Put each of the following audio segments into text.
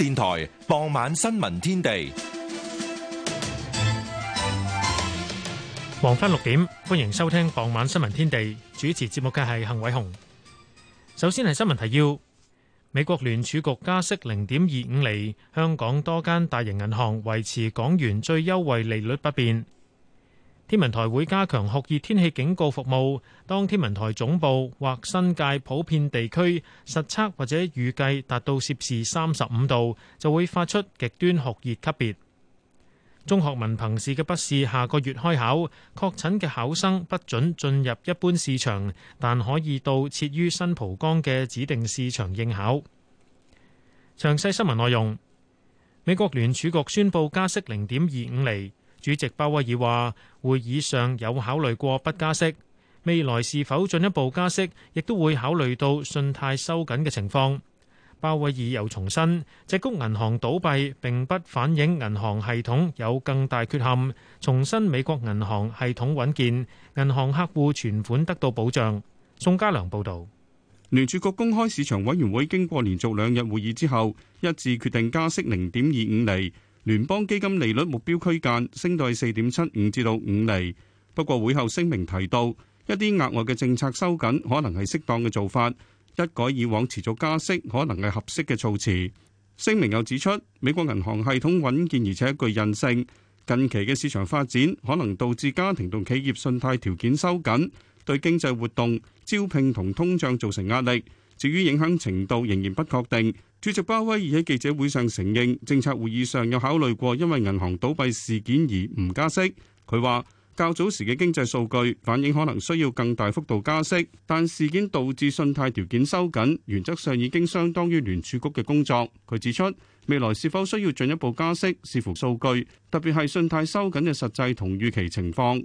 電台傍晚新聞天地，黃昏六點，歡迎收聽傍晚新聞天地。主持節目嘅係幸偉雄。首先係新聞提要：美國聯儲局加息零點二五厘，香港多間大型銀行維持港元最優惠利率不變。天文台會加強酷熱天氣警告服務。當天文台總部或新界普遍地區實測或者預計達到攝氏三十五度，就會發出極端酷熱級別。中學文憑試嘅筆試下個月開考，確診嘅考生不准進入一般市場，但可以到設於新蒲崗嘅指定市場應考。詳細新聞內容，美國聯儲局宣布加息零點二五厘。主席鮑威爾話：會議上有考慮過不加息，未來是否進一步加息，亦都會考慮到信貸收緊嘅情況。鮑威爾又重申，矽谷銀行倒閉並不反映銀行系統有更大缺陷，重申美國銀行系統穩健，銀行客戶存款得到保障。宋家良報道，聯儲局公開市場委員會經過連續兩日會議之後，一致決定加息零點二五厘。聯邦基金利率目標區間升到係四點七五至到五厘，不過會後聲明提到一啲額外嘅政策收緊可能係適當嘅做法，一改以往持續加息可能係合適嘅措辭。聲明又指出，美國銀行系統穩健而且具韌性，近期嘅市場發展可能導致家庭同企業信貸條件收緊，對經濟活動、招聘同通脹造成壓力。至於影響程度仍然不確定，主席鮑威爾喺記者會上承認，政策會議上有考慮過因為銀行倒閉事件而唔加息。佢話較早時嘅經濟數據反映可能需要更大幅度加息，但事件導致信貸條件收緊，原則上已經相當於聯儲局嘅工作。佢指出未來是否需要進一步加息，視乎數據，特別係信貸收緊嘅實際同預期情況。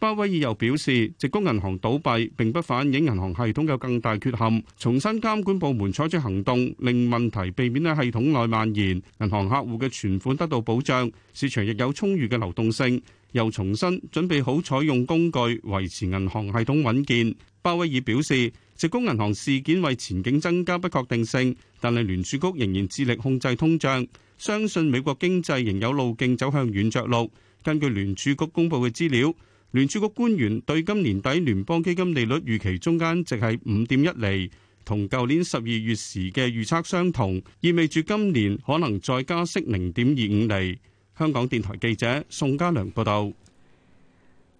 鮑威爾又表示，矽谷銀行倒閉並不反映銀行系統有更大缺陷，重申監管部門採取行動，令問題避免喺系統內蔓延，銀行客戶嘅存款得到保障，市場亦有充裕嘅流動性。又重申準備好採用工具維持銀行系統穩健。鮑威爾表示，矽谷銀行事件為前景增加不確定性，但係聯儲局仍然致力控制通脹，相信美國經濟仍有路徑走向軟著陸。根據聯儲局公布嘅資料。聯儲局官員對今年底聯邦基金利率預期中間值係五點一厘，同舊年十二月時嘅預測相同，意味住今年可能再加息零點二五厘。香港電台記者宋家良報道。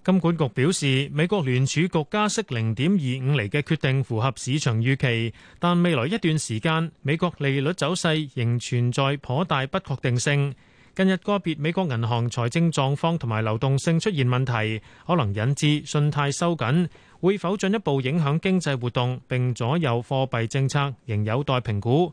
金管局表示，美國聯儲局加息零點二五厘嘅決定符合市場預期，但未來一段時間美國利率走勢仍存在頗大不確定性。近日個別美國銀行財政狀況同埋流動性出現問題，可能引致信貸收緊，會否進一步影響經濟活動並左右貨幣政策，仍有待評估。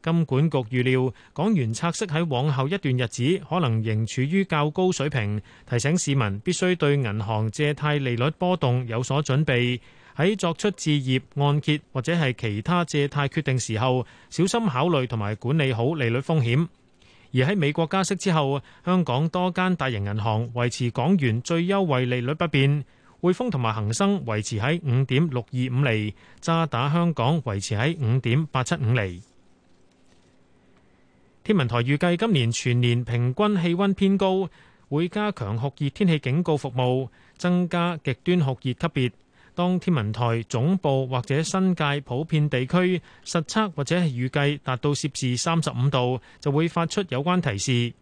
金管局預料港元拆息喺往後一段日子可能仍處於較高水平，提醒市民必須對銀行借貸利率波動有所準備，喺作出置業按揭或者係其他借貸決定時候，小心考慮同埋管理好利率風險。而喺美國加息之後，香港多間大型銀行維持港元最優惠利率不變。匯豐同埋恒生維持喺五點六二五厘，渣打香港維持喺五點八七五厘。天文台預計今年全年平均氣温偏高，會加強酷熱天氣警告服務，增加極端酷熱級別。當天文台總部或者新界普遍地區實測或者係預計達到攝氏三十五度，就會發出有關提示。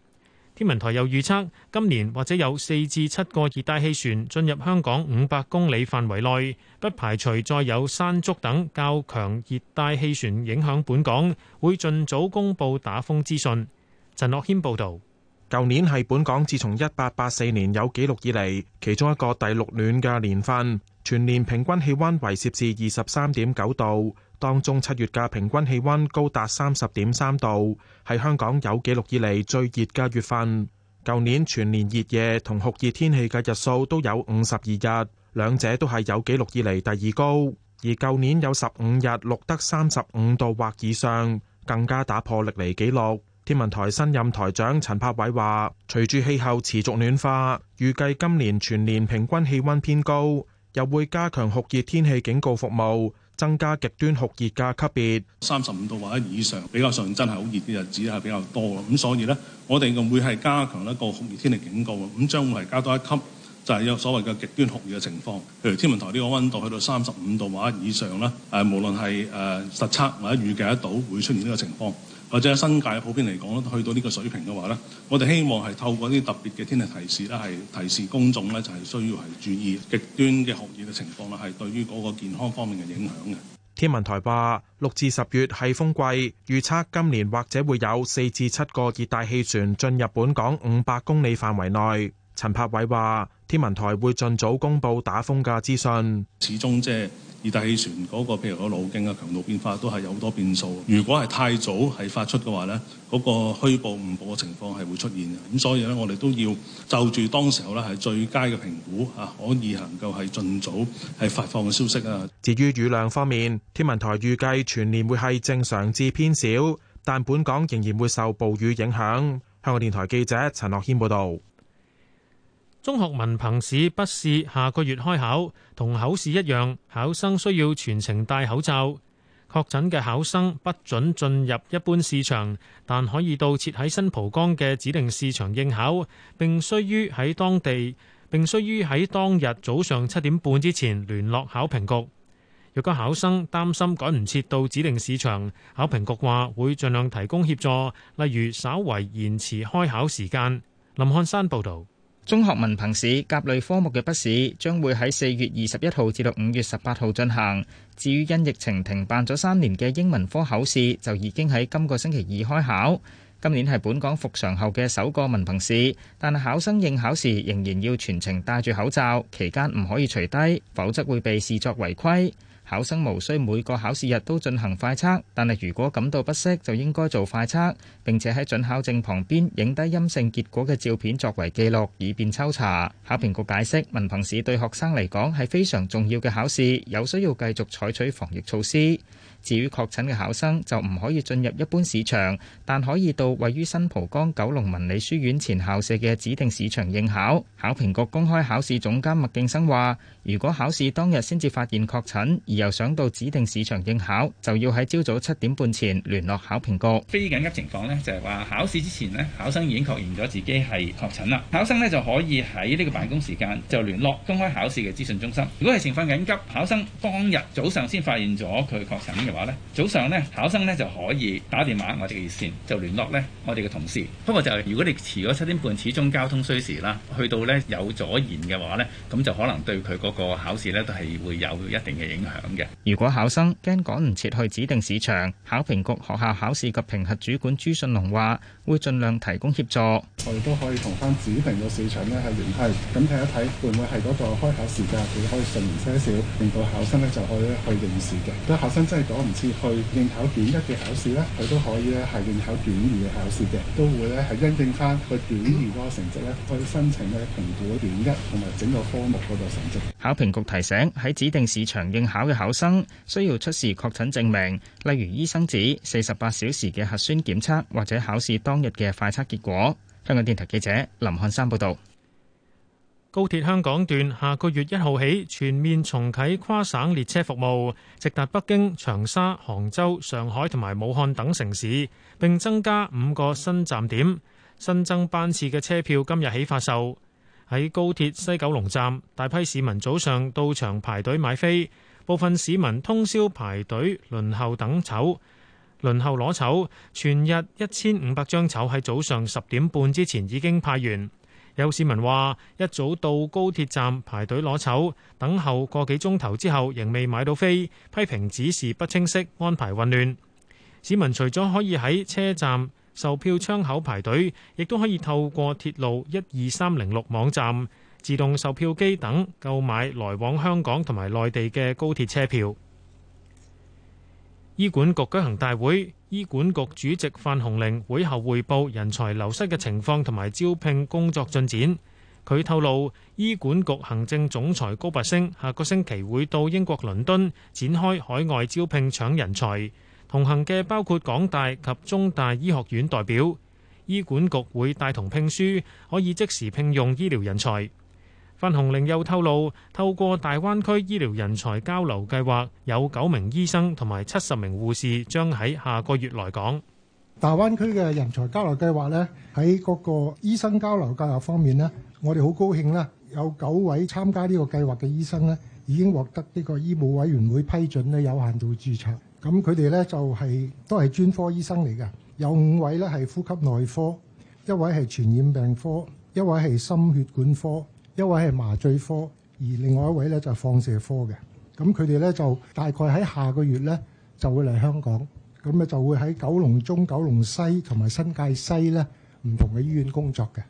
天文台又預測今年或者有四至七個熱帶氣旋進入香港五百公里範圍內，不排除再有山竹等較強熱帶氣旋影響本港，會盡早公布打風資訊。陳樂謙報道，舊年係本港自從一八八四年有紀錄以嚟，其中一個第六暖嘅年份。全年平均氣溫為攝氏二十三點九度，當中七月嘅平均氣溫高達三十點三度，係香港有紀錄以嚟最熱嘅月份。舊年全年熱夜同酷熱天氣嘅日數都有五十二日，兩者都係有紀錄以嚟第二高。而舊年有十五日錄得三十五度或以上，更加打破歷嚟紀錄。天文台新任台長陳柏偉話，隨住氣候持續暖化，預計今年全年平均氣溫偏高。又會加強酷熱天氣警告服務，增加極端酷熱嘅級別，三十五度或者以上比較上真係好熱嘅日子係比較多。咁所以咧，我哋會係加強一個酷熱天氣警告，咁將會係加多一級，就係有所謂嘅極端酷熱嘅情況，譬如天文台呢個溫度去到三十五度或者以上啦。誒，無論係誒實測或者預計得到會出現呢個情況。或者新界普遍嚟講，咧，去到呢個水平嘅話，呢我哋希望係透過啲特別嘅天氣提示啦，係提示公眾咧，就係需要係注意極端嘅酷熱嘅情況啦，係對於嗰個健康方面嘅影響嘅。天文台話六至十月係風季，預測今年或者會有四至七個熱帶氣旋進入本港五百公里範圍內，陳柏偉話。天文台會盡早公布打風嘅資訊，始終即係熱帶氣旋嗰個，譬如嗰個路徑啊、強度變化都係有好多變數，如果係太早係發出嘅話咧，嗰個虛報誤報嘅情況係會出現嘅。咁所以咧，我哋都要就住當時候咧係最佳嘅評估啊，可以能夠係盡早係發放嘅消息啊。至於雨量方面，天文台預計全年會係正常至偏少，但本港仍然會受暴雨影響。香港電台記者陳樂謙報道。中學文憑試筆試下個月開考，同口試一樣，考生需要全程戴口罩。確診嘅考生不准進入一般試場，但可以到設喺新蒲崗嘅指定試場應考，並須於喺當地，並須於喺當日早上七點半之前聯絡考評局。若果考生擔心趕唔切到指定試場，考評局話會盡量提供協助，例如稍為延遲開考時間。林漢山報道。中學文憑試甲類科目嘅筆試，將會喺四月二十一號至到五月十八號進行。至於因疫情停辦咗三年嘅英文科考試，就已經喺今個星期二開考。今年係本港復常後嘅首個文憑試，但考生應考時仍然要全程戴住口罩，期間唔可以除低，否則會被視作違規。考生無需每個考試日都進行快測，但係如果感到不適，就應該做快測。並且喺準考證旁邊影低陰性結果嘅照片作為記錄，以便抽查。考評局解釋，文憑試對學生嚟講係非常重要嘅考試，有需要繼續採取防疫措施。至於確診嘅考生就唔可以進入一般市場，但可以到位於新蒲崗九龍文理書院前校舍嘅指定市場應考。考評局公開考試總監麥敬生話，如果考試當日先至發現確診，而又想到指定市場應考，就要喺朝早七點半前聯絡考評局。非緊急情況呢，就係話考試之前呢，考生已經確認咗自己係確診啦。考生呢，就可以喺呢個辦公時間就聯絡公開考試嘅資訊中心。如果係情況緊急，考生當日早上先發現咗佢確診。話呢，早上呢，考生呢就可以打電話我哋嘅熱線就聯絡呢我哋嘅同事。不過就係如果你遲咗七點半，始終交通需時啦，去到呢有阻延嘅話呢，咁就可能對佢嗰個考試呢都係會有一定嘅影響嘅。如果考生驚趕唔切去指定市場，考評局學校考試及評核主管朱信龍話會盡量提供協助。我哋都可以同翻指定嘅市場呢係聯繫，咁睇一睇會唔會係嗰個開考時間佢可以順延些少，令到考生呢就可以去應試嘅。咁考生真係趕。我唔似去應考卷一嘅考試咧，佢都可以咧係應考卷二嘅考試嘅，都會呢係因證翻佢卷二嗰個成績咧去申請咧評估卷一同埋整個科目嗰個成績。考評局提醒喺指定市場應考嘅考生需要出示確診證明，例如醫生紙、四十八小時嘅核酸檢測或者考試當日嘅快測結果。香港電台記者林漢山報道。高鐵香港段下個月一號起全面重啟跨省列車服務，直達北京、長沙、杭州、上海同埋武漢等城市，並增加五個新站點。新增班次嘅車票今日起發售。喺高鐵西九龍站，大批市民早上到場排隊買飛，部分市民通宵排隊輪候等籌，輪候攞籌。全日一千五百張籌喺早上十點半之前已經派完。有市民話：一早到高鐵站排隊攞籌，等候個幾鐘頭之後，仍未買到飛，批評指示不清晰，安排混亂。市民除咗可以喺車站售票窗口排隊，亦都可以透過鐵路12306網站、自動售票機等購買來往香港同埋內地嘅高鐵車票。醫管局舉行大會。醫管局主席范鴻齡會後匯報人才流失嘅情況同埋招聘工作進展。佢透露，醫管局行政總裁高拔升下個星期會到英國倫敦展開海外招聘搶人才，同行嘅包括港大及中大醫學院代表。醫管局會帶同聘書，可以即時聘用醫療人才。范鴻齡又透露，透過大灣區醫療人才交流計劃，有九名醫生同埋七十名護士將喺下個月來港。大灣區嘅人才交流計劃咧，喺嗰個醫生交流交流方面咧，我哋好高興咧，有九位參加呢個計劃嘅醫生咧，已經獲得呢個醫務委員會批准咧，有限度註冊，咁佢哋咧就係都係專科醫生嚟嘅，有五位咧係呼吸內科，一位係傳染病科，一位係心血管科。一位係麻醉科，而另外一位咧就係、放射科嘅，咁佢哋咧就大概喺下個月咧就會嚟香港，咁、嗯、啊就會喺九龍中、九龍西同埋新界西咧唔同嘅醫院工作嘅。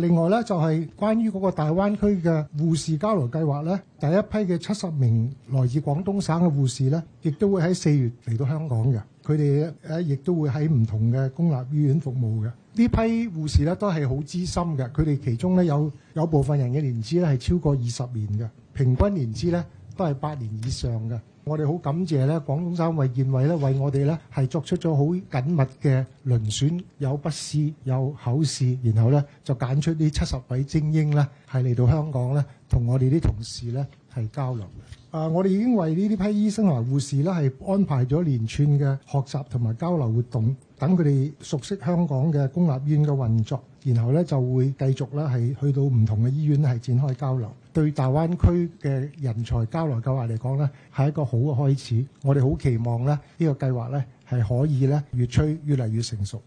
另外咧，就係關於嗰個大灣區嘅護士交流計劃咧，第一批嘅七十名來自廣東省嘅護士咧，亦都會喺四月嚟到香港嘅。佢哋誒亦都會喺唔同嘅公立醫院服務嘅。呢批護士咧都係好資深嘅，佢哋其中咧有有部分人嘅年資咧係超過二十年嘅，平均年資咧。都係八年以上嘅，我哋好感謝咧，廣東省衞健委咧為我哋咧係作出咗好緊密嘅遴選，有筆試，有考試，然後咧就揀出呢七十位精英咧係嚟到香港咧同我哋啲同事咧係交流嘅。啊，我哋已經為呢啲批醫生同埋護士咧係安排咗連串嘅學習同埋交流活動，等佢哋熟悉香港嘅公立醫院嘅運作，然後咧就會繼續咧係去到唔同嘅醫院係展開交流。對大灣區嘅人才交流計劃嚟講呢，係一個好嘅開始。我哋好期望呢，呢個計劃呢係可以呢越趨越嚟越成熟。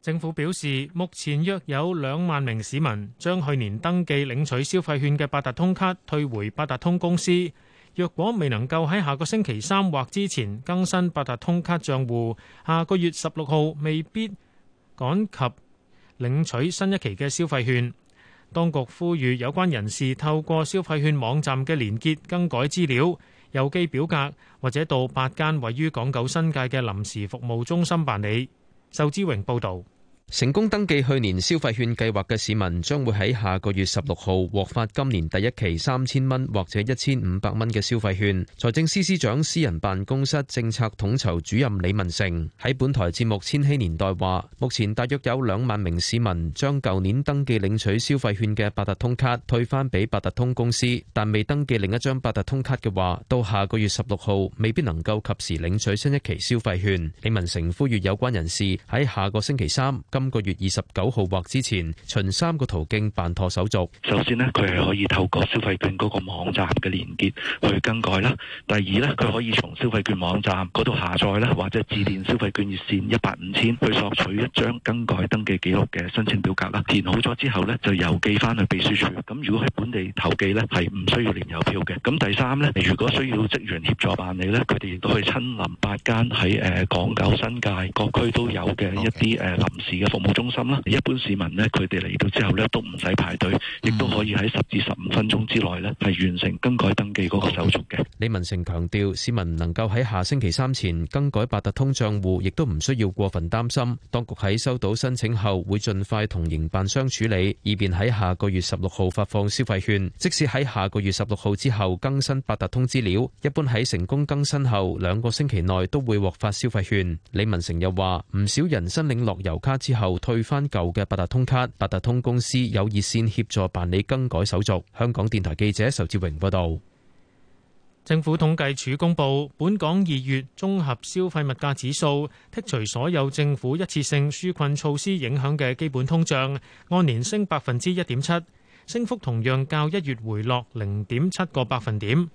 政府表示，目前約有兩萬名市民將去年登記領取消費券嘅八達通卡退回八達通公司。若果未能夠喺下個星期三或之前更新八達通卡賬戶，下個月十六號未必趕及領取新一期嘅消費券。當局呼籲有關人士透過消費券網站嘅連結更改資料、郵寄表格，或者到八間位於港九新界嘅臨時服務中心辦理。仇志榮報導。成功登記去年消費券計劃嘅市民，將會喺下個月十六號獲發今年第一期三千蚊或者一千五百蚊嘅消費券。財政司司長私人辦公室政策統籌主任李文成喺本台節目《千禧年代》話：目前大約有兩萬名市民將舊年登記領取消費券嘅八達通卡退翻俾八達通公司，但未登記另一張八達通卡嘅話，到下個月十六號未必能夠及時領取新一期消費券。李文成呼籲有關人士喺下個星期三。今個月二十九號或之前，循三個途徑，辦妥手續。首先呢，佢係可以透過消費券嗰個網站嘅連結，去更改啦。第二呢，佢可以從消費券網站嗰度下載啦，或者致電消費券熱線一八五千，去索取一張更改登記記錄嘅申請表格啦。填好咗之後呢，就郵寄翻去秘書處。咁如果喺本地投寄呢，係唔需要連郵票嘅。咁第三呢，如果需要職員協助辦理呢，佢哋亦都可以親臨八間喺誒港九新界各區都有嘅一啲誒臨時服務中心啦，一般市民咧，佢哋嚟到之後咧，都唔使排隊，亦都可以喺十至十五分鐘之內咧，係完成更改登記嗰個手續嘅。李文成強調，市民能夠喺下星期三前更改八達通帳戶，亦都唔需要過分擔心。當局喺收到申請後，會盡快同營辦商處理，以便喺下個月十六號發放消費券。即使喺下個月十六號之後更新八達通資料，一般喺成功更新後兩個星期內都會獲發消費券。李文成又話，唔少人申領樂悠咭之後。後退翻舊嘅八達通卡，八達通公司有熱線協助辦理更改手續。香港電台記者仇志榮報道。政府統計處公布，本港二月綜合消費物價指數剔除所有政府一次性紓困措施影響嘅基本通脹，按年升百分之一點七，升幅同樣較一月回落零點七個百分點。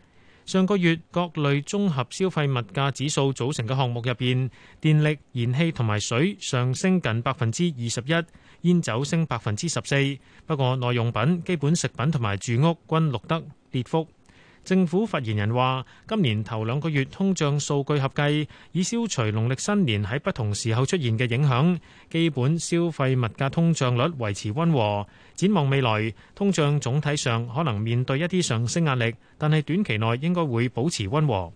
上個月各類綜合消費物價指數組成嘅項目入邊，電力、燃氣同埋水上升近百分之二十一，煙酒升百分之十四。不過，耐用品、基本食品同埋住屋均錄得跌幅。政府發言人話：今年頭兩個月通脹數據合計，已消除農曆新年喺不同時候出現嘅影響，基本消費物價通脹率維持溫和。展望未來，通脹總體上可能面對一啲上升壓力，但係短期內應該會保持溫和。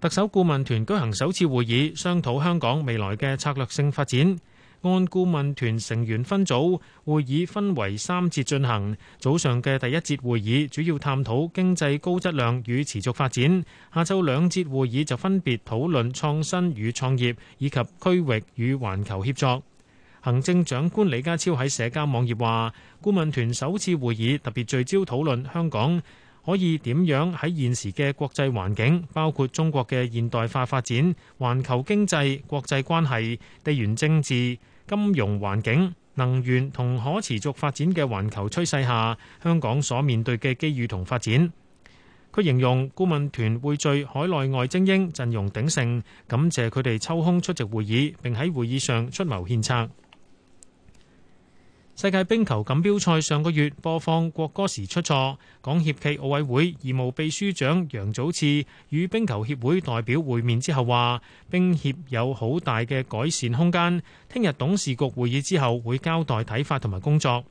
特首顧問團舉行首次會議，商討香港未來嘅策略性發展。安顧問團成員分組會議分為三節進行，早上嘅第一節會議主要探討經濟高質量與持續發展，下晝兩節會議就分別討論創新與創業以及區域與環球協作。行政長官李家超喺社交網頁話：顧問團首次會議特別聚焦討論香港可以點樣喺現時嘅國際環境，包括中國嘅現代化發展、環球經濟、國際關係、地緣政治。金融環境、能源同可持續發展嘅環球趨勢下，香港所面對嘅機遇同發展。佢形容顧問團會聚海內外精英陣容鼎盛，感謝佢哋抽空出席會議，並喺會議上出謀獻策。世界冰球錦標賽上個月播放國歌時出錯，港協暨奧委會義務秘書長楊祖賜與冰球協會代表會面之後話冰協有好大嘅改善空間，聽日董事局會議之後會交代睇法同埋工作。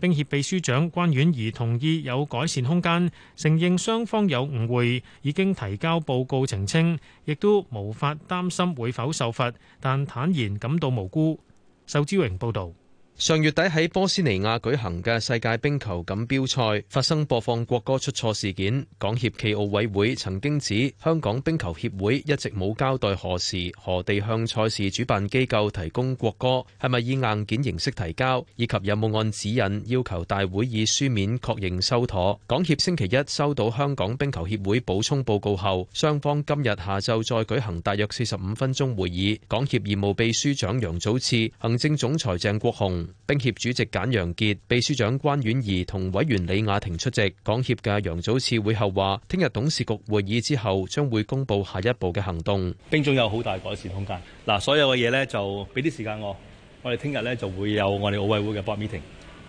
冰協秘書長關婉怡同意有改善空間，承認雙方有誤會，已經提交報告澄清，亦都無法擔心會否受罰，但坦然感到無辜。仇志榮報道。上月底喺波斯尼亞舉行嘅世界冰球錦標賽發生播放國歌出錯事件。港協暨奧委會曾經指，香港冰球協會一直冇交代何時何地向賽事主辦機構提供國歌，係咪以硬件形式提交，以及有冇按指引要求大會以書面確認收妥。港協星期一收到香港冰球協會補充報告後，雙方今日下晝再舉行大約四十五分鐘會議。港協義務秘書長楊祖賜、行政總裁鄭國雄。冰協主席簡楊杰，杰、秘書長關婉儀同委員李雅婷出席。港協嘅楊祖賜會後話：聽日董事局會議之後，將會公布下一步嘅行動。冰中有好大改善空間。嗱，所有嘅嘢咧，就俾啲時間我。我哋聽日咧就會有我哋奧委會嘅 board meeting，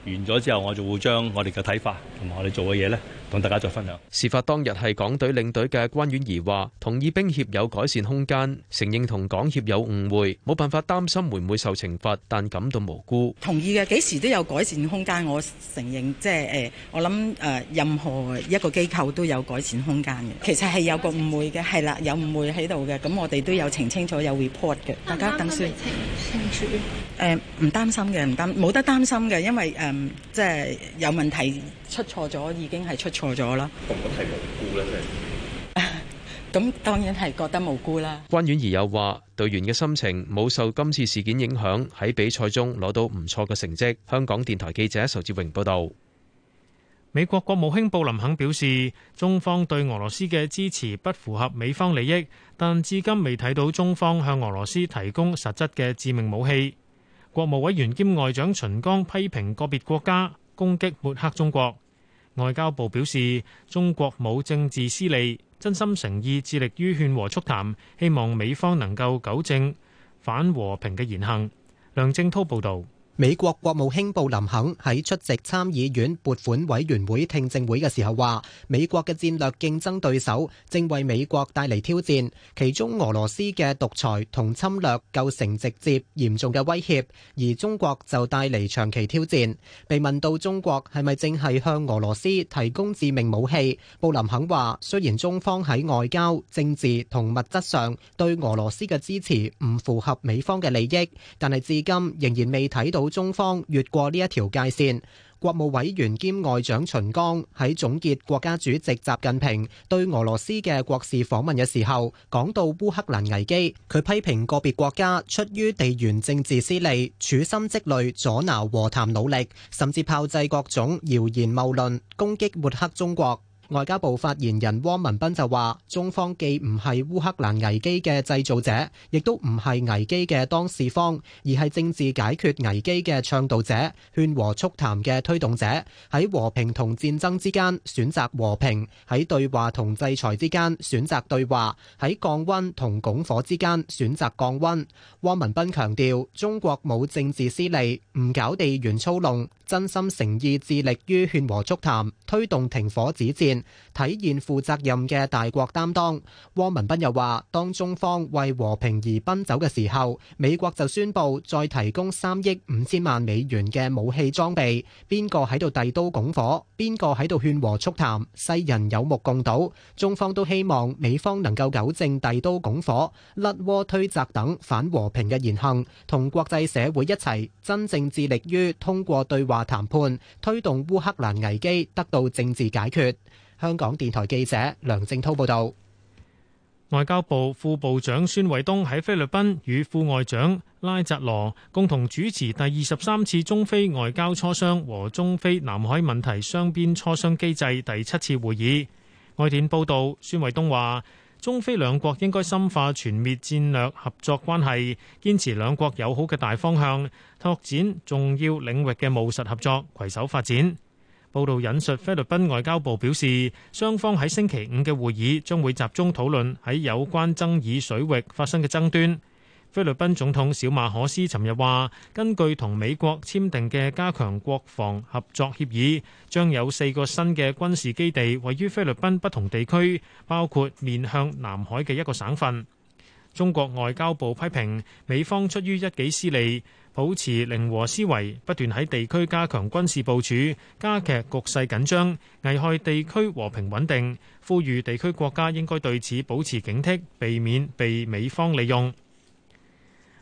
完咗之後，我就會將我哋嘅睇法同埋我哋做嘅嘢咧。同大家再分享。事發當日係港隊領隊嘅關婉儀話，同意兵協有改善空間，承認同港協有誤會，冇辦法擔心會唔會受懲罰，但感到無辜。同意嘅，幾時都有改善空間，我承認，即係誒、呃、我諗誒、呃、任何一個機構都有改善空間嘅。其實係有個誤會嘅，係啦，有誤會喺度嘅。咁我哋都有澄清咗有 report 嘅。大家等先，清楚、呃。誒唔擔心嘅，唔擔冇得擔心嘅，因為誒、呃、即係有問題出錯咗，已經係出。錯咗啦，咁係、嗯、當然係覺得無辜啦。關婉儀又話，隊員嘅心情冇受今次事件影響，喺比賽中攞到唔錯嘅成績。香港電台記者仇志榮報道。美國國務卿布林肯表示，中方對俄羅斯嘅支持不符合美方利益，但至今未睇到中方向俄羅斯提供實質嘅致命武器。國務委員兼外長秦剛批評個別國家攻擊抹黑中國。外交部表示，中國冇政治私利，真心誠意致力於勸和促談，希望美方能夠糾正反和平嘅言行。梁正濤報道。美國國務卿布林肯喺出席參議院撥款委員會聽證會嘅時候話：美國嘅戰略競爭對手正為美國帶嚟挑戰，其中俄羅斯嘅獨裁同侵略構成直接嚴重嘅威脅，而中國就帶嚟長期挑戰。被問到中國係咪正係向俄羅斯提供致命武器，布林肯話：雖然中方喺外交、政治同物質上對俄羅斯嘅支持唔符合美方嘅利益，但係至今仍然未睇到。中方越過呢一條界線。國務委員兼外長秦剛喺總結國家主席習近平對俄羅斯嘅國事訪問嘅時候，講到烏克蘭危機，佢批評個別國家出於地緣政治私利，處心積慮阻撓和談努力，甚至炮製各種謠言謬論，攻擊抹黑中國。外交部發言人汪文斌就話：中方既唔係烏克蘭危機嘅製造者，亦都唔係危機嘅當事方，而係政治解決危機嘅倡導者、勸和促談嘅推動者。喺和平同戰爭之間選擇和平，喺對話同制裁之間選擇對話，喺降溫同拱火之間選擇降溫。汪文斌強調：中國冇政治私利，唔搞地緣操弄。真心誠意致力於勸和促談，推動停火止戰，體現負責任嘅大國擔當。汪文斌又話：當中方為和平而奔走嘅時候，美國就宣布再提供三億五千萬美元嘅武器裝備。邊個喺度遞刀拱火？邊個喺度勸和促談？世人有目共睹。中方都希望美方能夠糾正遞刀拱火、甩鍋推責等反和平嘅言行，同國際社會一齊真正致力於通過對話。話談判推動烏克蘭危機得到政治解決。香港電台記者梁正濤報道，外交部副部長孫衛東喺菲律賓與副外長拉扎羅共同主持第二十三次中菲外交磋商和中菲南海問題雙邊磋商機制第七次會議。外電報道，孫衛東話。中菲兩國應該深化全面戰略合作關係，堅持兩國友好嘅大方向，拓展重要領域嘅務實合作，攜手發展。報道引述菲律賓外交部表示，雙方喺星期五嘅會議將會集中討論喺有關爭議水域發生嘅爭端。菲律賓總統小馬可斯尋日話，根據同美國簽訂嘅加強國防合作協議，將有四個新嘅軍事基地位於菲律賓不同地區，包括面向南海嘅一個省份。中國外交部批評美方出於一己私利，保持零和思維，不斷喺地區加強軍事部署，加劇局勢緊張，危害地區和平穩定。呼籲地區國家應該對此保持警惕，避免被美方利用。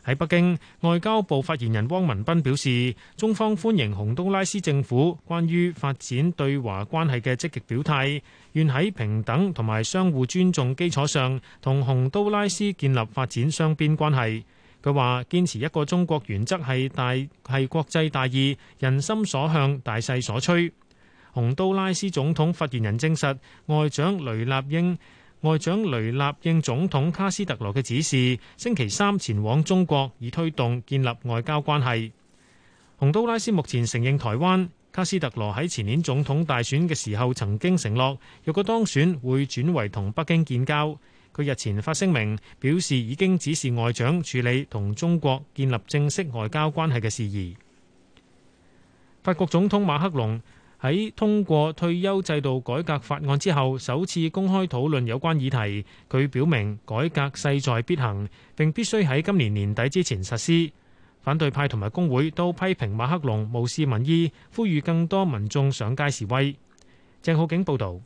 喺北京，外交部發言人汪文斌表示，中方歡迎洪都拉斯政府關於發展對華關係嘅積極表態，願喺平等同埋相互尊重基礎上，同洪都拉斯建立發展雙邊關係。佢話，堅持一個中國原則係大係國際大義，人心所向，大勢所趨。洪都拉斯總統發言人證實，外長雷立英。外長雷納應總統卡斯特羅嘅指示，星期三前往中國，以推動建立外交關係。洪都拉斯目前承認台灣。卡斯特羅喺前年總統大選嘅時候曾經承諾，若果當選會轉為同北京建交。佢日前發聲明表示，已經指示外長處理同中國建立正式外交關係嘅事宜。法國總統馬克龍，喺通過退休制度改革法案之後，首次公開討論有關議題。佢表明改革勢在必行，並必須喺今年年底之前實施。反對派同埋工會都批評馬克龍無視民意，呼籲更多民眾上街示威。鄭浩景報道。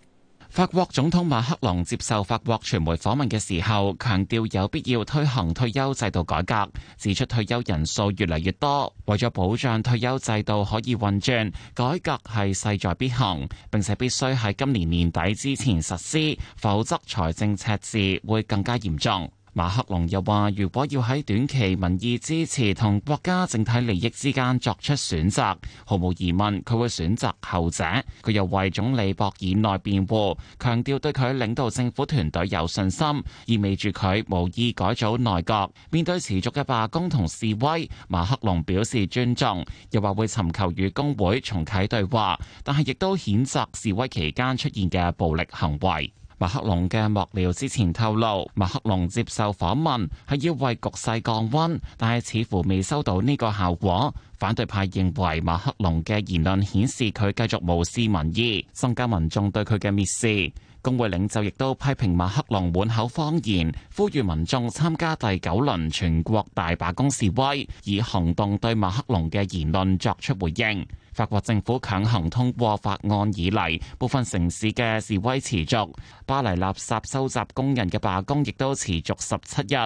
法國總統馬克龍接受法國傳媒訪問嘅時候，強調有必要推行退休制度改革，指出退休人數越嚟越多，為咗保障退休制度可以運轉，改革係勢在必行，並且必須喺今年年底之前實施，否則財政赤字會更加嚴重。馬克龍又話，如果要喺短期民意支持同國家整體利益之間作出選擇，毫無疑問，佢會選擇後者。佢又為總理博爾內辯護，強調對佢領導政府團隊有信心，意味住佢無意改組內閣，面對持續嘅罷工同示威，馬克龍表示尊重，又話會尋求與工會重啟對話，但係亦都譴責示威期間出現嘅暴力行為。馬克龍嘅幕僚之前透露，馬克龍接受訪問，係要為局勢降溫，但係似乎未收到呢個效果。反對派認為馬克龍嘅言論顯示佢繼續無視民意，增加民眾對佢嘅蔑視。工會領袖亦都批評馬克龍滿口謊言，呼籲民眾參加第九輪全國大罷工示威，以行動對馬克龍嘅言論作出回應。法國政府強行通過法案以嚟，部分城市嘅示威持續，巴黎垃圾收集工人嘅罷工亦都持續十七日，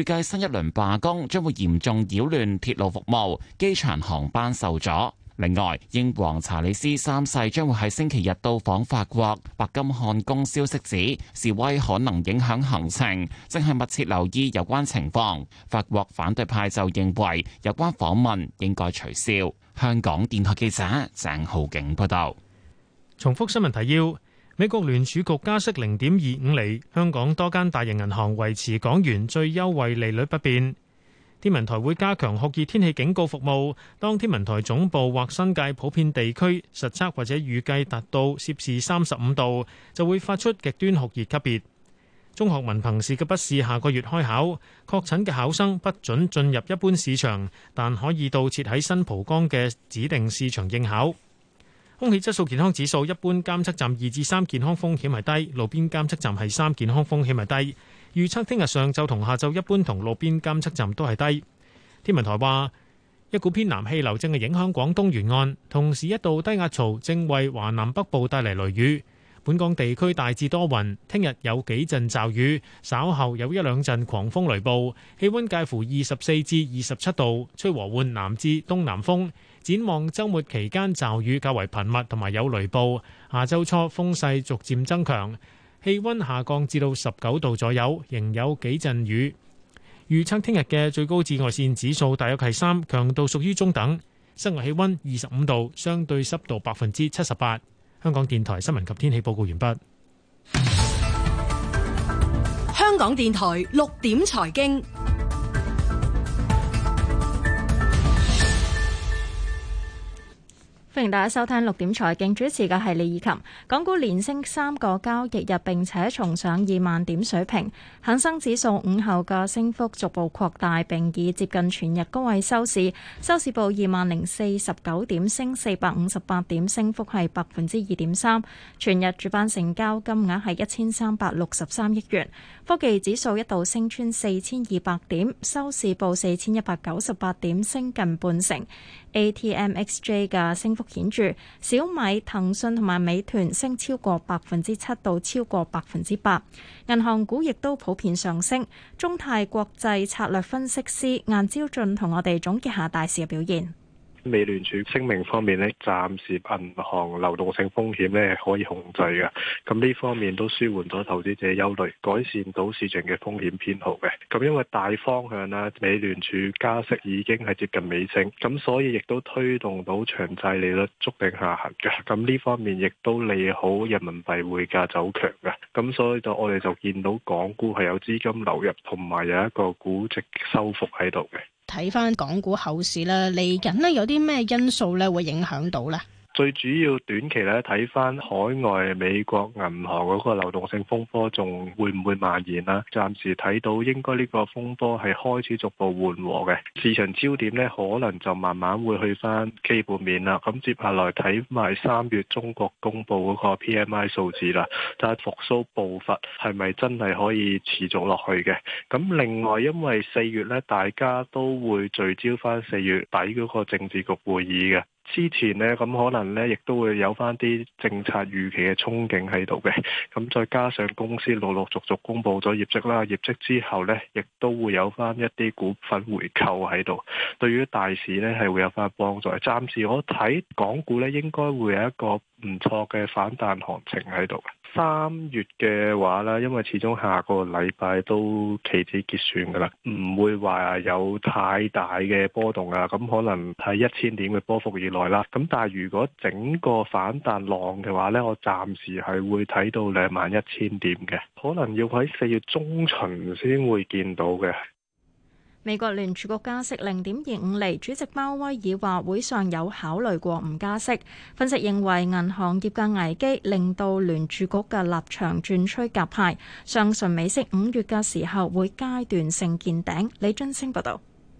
預計新一輪罷工將會嚴重擾亂鐵路服務、機場航班受阻。另外，英皇查理斯三世將會喺星期日到訪法國，白金漢宮消息指示威可能影響行程，正係密切留意有關情況。法國反對派就認為有關訪問應該取消。香港電台記者鄭浩景報道：重複新聞提要。美國聯儲局加息零點二五厘，香港多間大型銀行維持港元最優惠利率不變。天文台會加強酷熱天氣警告服務，當天文台總部或新界普遍地區實測或者預計達到攝氏三十五度，就會發出極端酷熱級別。中學文憑試嘅筆試下個月開考，確診嘅考生，不准進入一般試場，但可以到設喺新蒲崗嘅指定試場應考。空氣質素健康指數一般監測站二至三，健康風險係低，路邊監測站係三，健康風險係低。預測聽日上晝同下晝一般同路邊監測站都係低。天文台話，一股偏南氣流正係影響廣東沿岸，同時一度低壓槽正為華南北部帶嚟雷雨。本港地區大致多雲，聽日有幾陣驟雨，稍後有一兩陣狂風雷暴，氣溫介乎二十四至二十七度，吹和緩南至東南風。展望週末期間驟雨較為頻密同埋有雷暴，下週初風勢逐漸增強，氣溫下降至到十九度左右，仍有幾陣雨。預測聽日嘅最高紫外線指數大約係三，強度屬於中等。室外氣溫二十五度，相對濕度百分之七十八。香港電台新聞及天氣報告完畢。香港電台六點財經。歡迎大家收聽六點財經，主持嘅係李以琴。港股連升三個交易日，並且重上二萬點水平。恒生指數午後嘅升幅逐步擴大，並已接近全日高位收市，收市報二萬零四十九點升，升四百五十八點，升幅係百分之二點三。全日主板成交金額係一千三百六十三億元。科技指數一度升穿四千二百點，收市報四千一百九十八點，升近半成。A T M X J 嘅升幅顯著，小米、騰訊同埋美團升超過百分之七到超過百分之八，銀行股亦都普遍上升。中泰國際策略分析師顏招駿同我哋總結下大市嘅表現。美聯儲聲明方面咧，暫時銀行流動性風險咧可以控制嘅，咁呢方面都舒緩咗投資者憂慮，改善到市場嘅風險偏好嘅。咁因為大方向咧，美聯儲加息已經係接近尾聲，咁所以亦都推動到長債利率觸定下行嘅。咁呢方面亦都利好人民幣匯價走強嘅。咁所以我就我哋就見到港股係有資金流入，同埋有一個估值收復喺度嘅。睇翻港股後市啦，嚟緊呢，有啲咩因素咧會影響到咧？最主要短期咧睇翻海外美國銀行嗰個流動性風波，仲會唔會蔓延啦，暫時睇到應該呢個風波係開始逐步緩和嘅，市場焦點咧可能就慢慢會去翻基本面啦。咁、嗯、接下來睇埋三月中國公布嗰個 PMI 數字啦，但係復蘇步伐係咪真係可以持續落去嘅？咁、嗯、另外因為四月咧，大家都會聚焦翻四月底嗰個政治局會議嘅。之前呢，咁可能呢亦都會有翻啲政策預期嘅憧憬喺度嘅。咁再加上公司陸陸續續公布咗業績啦，業績之後呢亦都會有翻一啲股份回購喺度。對於大市呢係會有翻幫助。暫時我睇港股呢應該會有一個唔錯嘅反彈行情喺度。三月嘅話咧，因為始終下個禮拜都期指結算噶啦，唔會話有太大嘅波動啊。咁可能係一千點嘅波幅以內啦。咁但係如果整個反彈浪嘅話咧，我暫時係會睇到兩萬一千點嘅，可能要喺四月中旬先會見到嘅。美國聯儲局加息零點二五厘，主席鮑威爾話會上有考慮過唔加息。分析認為，銀行業嘅危機令到聯儲局嘅立場轉趨夾派，相信美息五月嘅時候會階段性見頂。李津升報道。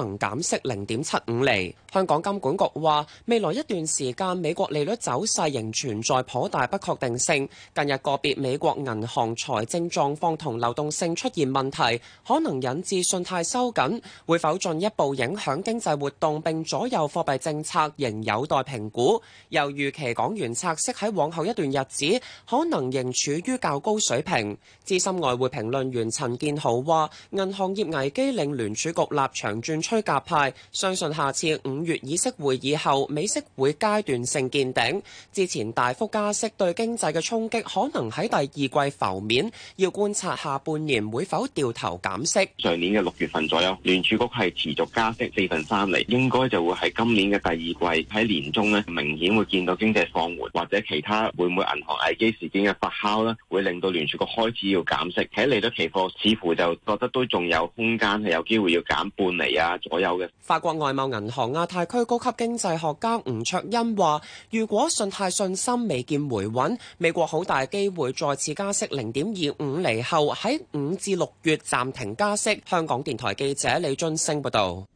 能減息零點七五厘。香港金管局話，未來一段時間美國利率走勢仍存在頗大不確定性。近日個別美國銀行財政狀況同流動性出現問題，可能引致信貸收緊，會否進一步影響經濟活動並左右貨幣政策，仍有待評估。又預期港元拆息喺往後一段日子可能仍處於較高水平。資深外匯評論員陳建豪話，銀行業危機令聯儲局立場轉吹夾派，相信下次五月議息會議後，美息會階段性見頂。之前大幅加息對經濟嘅衝擊可能喺第二季浮面，要觀察下半年會否掉頭減息。上年嘅六月份左右，聯儲局係持續加息四分三厘，應該就會喺今年嘅第二季，喺年中咧，明顯會見到經濟放緩或者其他會唔會銀行危機事件嘅發酵咧，會令到聯儲局開始要減息。睇嚟到期貨，似乎就覺得都仲有空間，係有機會要減半厘啊。左法國外貿銀行亞太區高級經濟學家吳卓恩話，如果信貸信心未見回穩，美國好大機會再次加息零點二五厘後，喺五至六月暫停加息。香港電台記者李俊升報道。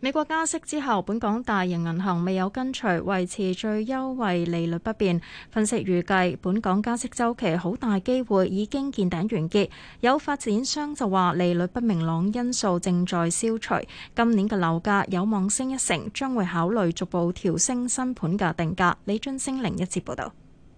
美國加息之後，本港大型銀行未有跟隨，維持最優惠利率不變。分析預計本港加息週期好大機會已經見頂完結。有發展商就話利率不明朗因素正在消除，今年嘅樓價有望升一成，將會考慮逐步調升新盤價定價。李津星零一節報道。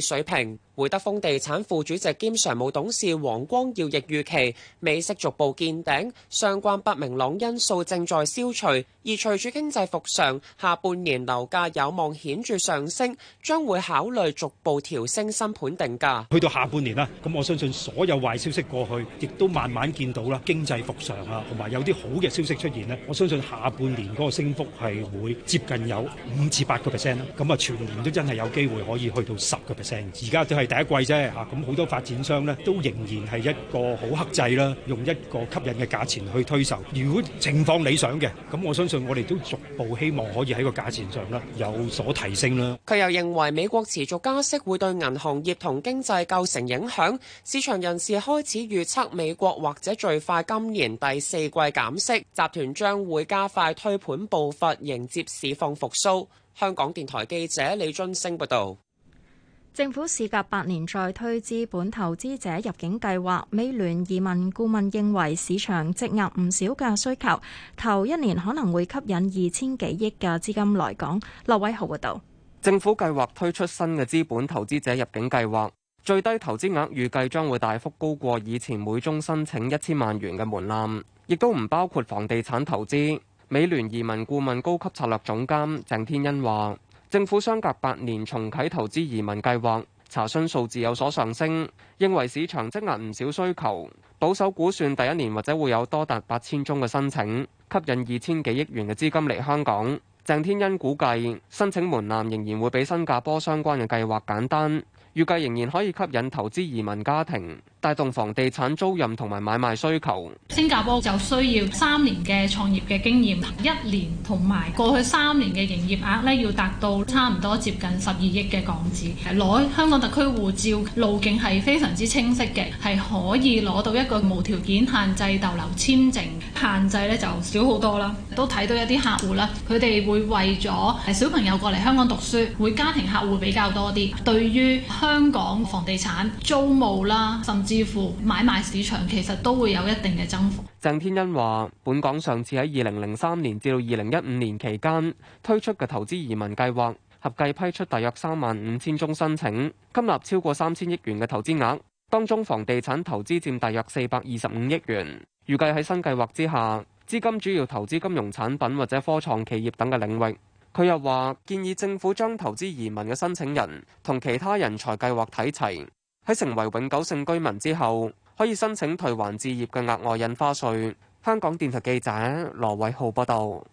水平。會德豐地產副主席兼常務董事黃光耀亦預期，美息逐步見頂，相關不明朗因素正在消除，而隨住經濟復常，下半年樓價有望顯著上升，將會考慮逐步調升新盤定價。去到下半年啦，咁我相信所有壞消息過去，亦都慢慢見到啦，經濟復常啊，同埋有啲好嘅消息出現咧，我相信下半年嗰個升幅係會接近有五至八個 percent。咁啊全年都真係有機會可以去到十個 percent，而家都係。第一季啫，吓咁好多發展商咧都仍然係一個好克制啦，用一個吸引嘅價錢去推售。如果情況理想嘅，咁我相信我哋都逐步希望可以喺個價錢上啦有所提升啦。佢又認為美國持續加息會對銀行業同經濟構成影響，市場人士開始預測美國或者最快今年第四季減息，集團將會加快推盤步伐，迎接市況復甦。香港電台記者李津升報導。政府事隔八年再推資本投資者入境計劃，美聯移民顧問認為市場積壓唔少嘅需求，頭一年可能會吸引二千幾億嘅資金來港。羅偉豪報道。政府計劃推出新嘅資本投資者入境計劃，最低投資額預計將會大幅高過以前每宗申請一千萬元嘅門檻，亦都唔包括房地產投資。美聯移民顧問高級策略總監鄭天恩話。政府相隔八年重啟投資移民計劃，查詢數字有所上升，認為市場積壓唔少需求，保守估算，第一年或者會有多達八千宗嘅申請，吸引二千幾億元嘅資金嚟香港。鄭天恩估計，申請門檻仍然會比新加坡相關嘅計劃簡單。預計仍然可以吸引投資移民家庭，帶動房地產租賃同埋買賣需求。新加坡就需要三年嘅創業嘅經驗，一年同埋過去三年嘅營業額咧，要達到差唔多接近十二億嘅港紙。攞香港特區護照路徑係非常之清晰嘅，係可以攞到一個無條件限制逗留簽證，限制咧就少好多啦。都睇到一啲客戶啦，佢哋會為咗小朋友過嚟香港讀書，會家庭客戶比較多啲。對於香港房地產租務啦，甚至乎買賣市場，其實都會有一定嘅增幅。鄭天恩話，本港上次喺二零零三年至到二零一五年期間推出嘅投資移民計劃，合計批出大約三萬五千宗申請，吸納超過三千億元嘅投資額，當中房地產投資佔大約四百二十五億元。預計喺新計劃之下，資金主要投資金融產品或者科創企業等嘅領域。佢又話建議政府將投資移民嘅申請人同其他人才計劃睇齊，喺成為永久性居民之後，可以申請退還置業嘅額外印花稅。香港電台記者羅偉浩報道。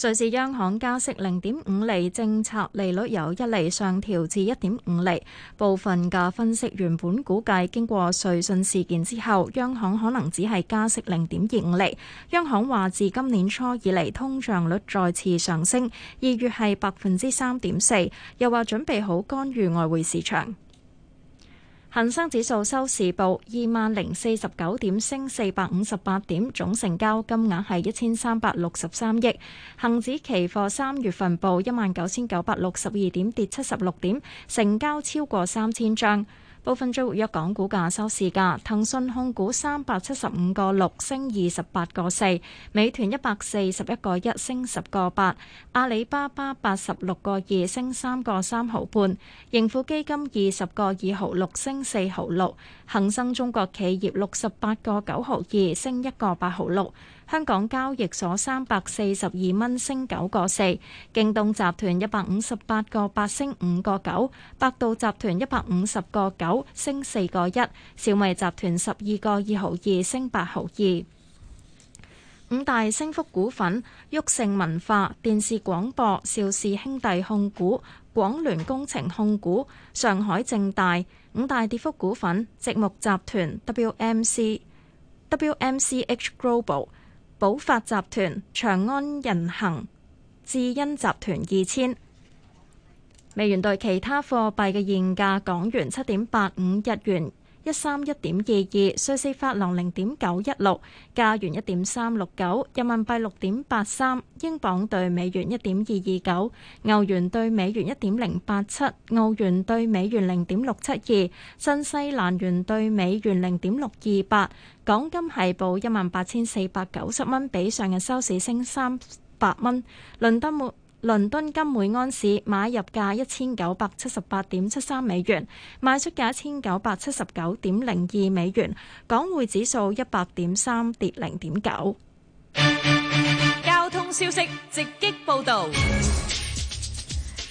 瑞士央行加息零點五厘，政策利率由一厘上調至一點五厘。部分嘅分析原本估計，經過瑞信事件之後，央行可能只係加息零點二五厘，央行話自今年初以嚟，通脹率再次上升，二月係百分之三點四，又話準備好干預外匯市場。恒生指數收市報二萬零四十九點，升四百五十八點，總成交金額係一千三百六十三億。恒指期貨三月份報一萬九千九百六十二點，跌七十六點，成交超過三千張。高分追活，一港股價收市價：騰訊控股三百七十五個六升二十八個四，美團一百四十一個一升十個八，阿里巴巴八十六個二升三個三毫半，盈富基金二十個二毫六升四毫六，恒生中國企業六十八個九毫二升一個八毫六。香港交易所三百四十二蚊升九個四，京東集團一百五十八個八升五個九，百度集團一百五十個九升四個一，小米集團十二個二毫二升八毫二。五大升幅股份：旭盛文化、電視廣播、邵氏兄弟控股、廣聯工程控股、上海正大。五大跌幅股份：積木集團、W M C、W M C H Global。寶發集團、長安人行、智恩集團二千，美元兌其他貨幣嘅現價，港元七點八五日元，一三一點二二，瑞士法郎零點九一六，加元一點三六九，人民幣六點八三，英鎊對美元一點二二九，歐元對美元一點零八七，澳元對美元零點六七二，新西蘭元對美元零點六二八。港金係報一萬八千四百九十蚊，比上日收市升三百蚊。倫敦沒倫敦金每安士買入價一千九百七十八點七三美元，賣出價一千九百七十九點零二美元。港匯指數一百點三跌零點九。交通消息直擊報道。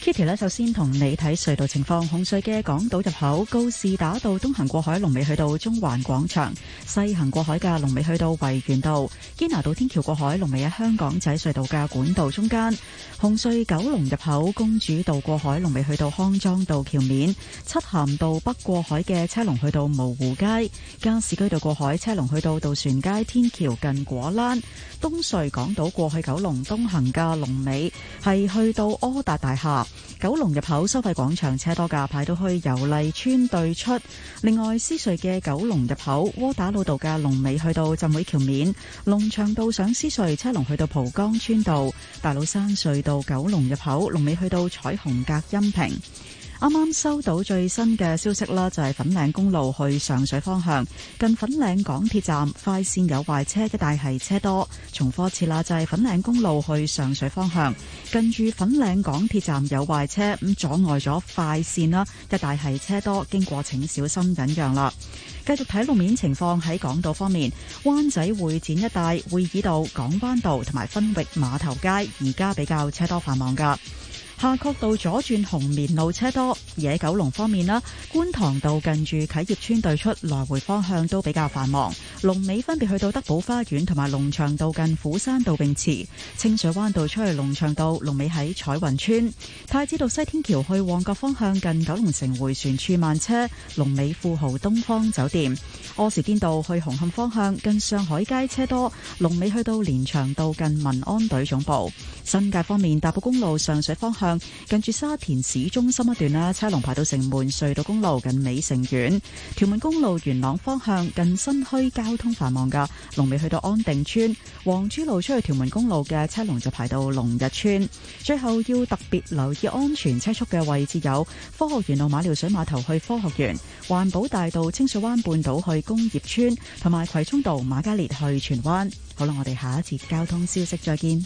呢條呢，首先同你睇隧道情況。紅隧嘅港島入口，告士打道東行過海，龍尾去到中環廣場；西行過海嘅龍尾去到維園道。堅拿道天橋過海，龍尾喺香港仔隧道嘅管道中間。紅隧九龍入口，公主道過海，龍尾去到康莊道橋面。漆咸道北過海嘅車龍去到蕪湖街。加士居道過海，車龍去到渡船街天橋近果欄。東隧港島過去九龍東行嘅龍尾係去到柯達大廈。九龍入口收費廣場車多噶，排到去油麗邨對出。另外，獅隧嘅九龍入口窩打老道嘅龍尾去到浸會橋面，龍翔道上獅隧車龍去到蒲崗村道，大老山隧道九龍入口龍尾去到彩虹隔音屏。啱啱收到最新嘅消息啦，就係粉嶺公路去上水方向，近粉嶺港鐵站快綫有壞車，一帶係車多。重複次啦，就係粉嶺公路去上水方向，近住粉嶺港鐵站有壞車咁阻礙咗快綫啦，一帶係車多，經過請小心忍讓啦。繼續睇路面情況，喺港島方面，灣仔會展一帶會議道、港灣道同埋分域碼頭街，而家比較車多繁忙噶。下角道左轉紅棉路車多，而喺九龍方面啦，觀塘道近住啟業村對出來回方向都比較繁忙。龍尾分別去到德寶花園同埋龍翔道近斧山道泳池，清水灣道出去龍翔道龍尾喺彩雲村。太子道西天橋去旺角方向近九龍城回旋處慢車，龍尾富豪東方酒店。柯士甸道去紅磡方向近上海街車多，龍尾去到連翔道近民安隊總部。新界方面，大埔公路上水方向，近住沙田市中心一段啦，車龍排到城門隧道公路近美城苑；屯門公路元朗方向近新墟，交通繁忙噶，龍尾去到安定村；黃珠路出去屯門公路嘅車龍就排到龍日村。最後要特別留意安全車速嘅位置有科學園路馬料水碼頭去科學園、環保大道清水灣半島去工業村，同埋葵涌道馬加烈去荃灣。好啦，我哋下一節交通消息再見。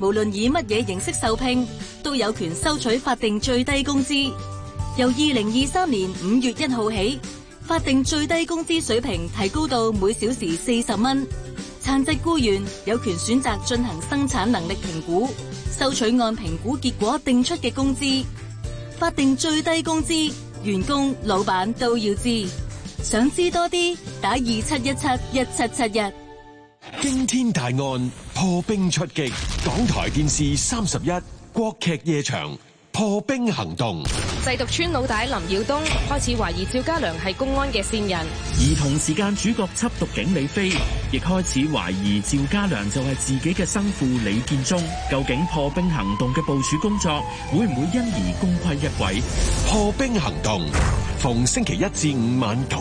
無論以乜嘢形式受聘，都有權收取法定最低工資。由二零二三年五月一號起，法定最低工資水平提高到每小時四十蚊。殘疾僱員有權選擇進行生產能力評估，收取按評估結果定出嘅工資。法定最低工資，員工、老板都要知。想知多啲，打二七一七一七七一。驚天大案破冰出擊，港台電視三十一國劇夜場破冰行動。製毒村老大林耀東開始懷疑趙家良係公安嘅線人，而同時間主角緝毒警李飛亦開始懷疑趙家良就係自己嘅生父李建忠。究竟破冰行動嘅部署工作會唔會因而功虧一簣？破冰行動逢星期一至五晚九。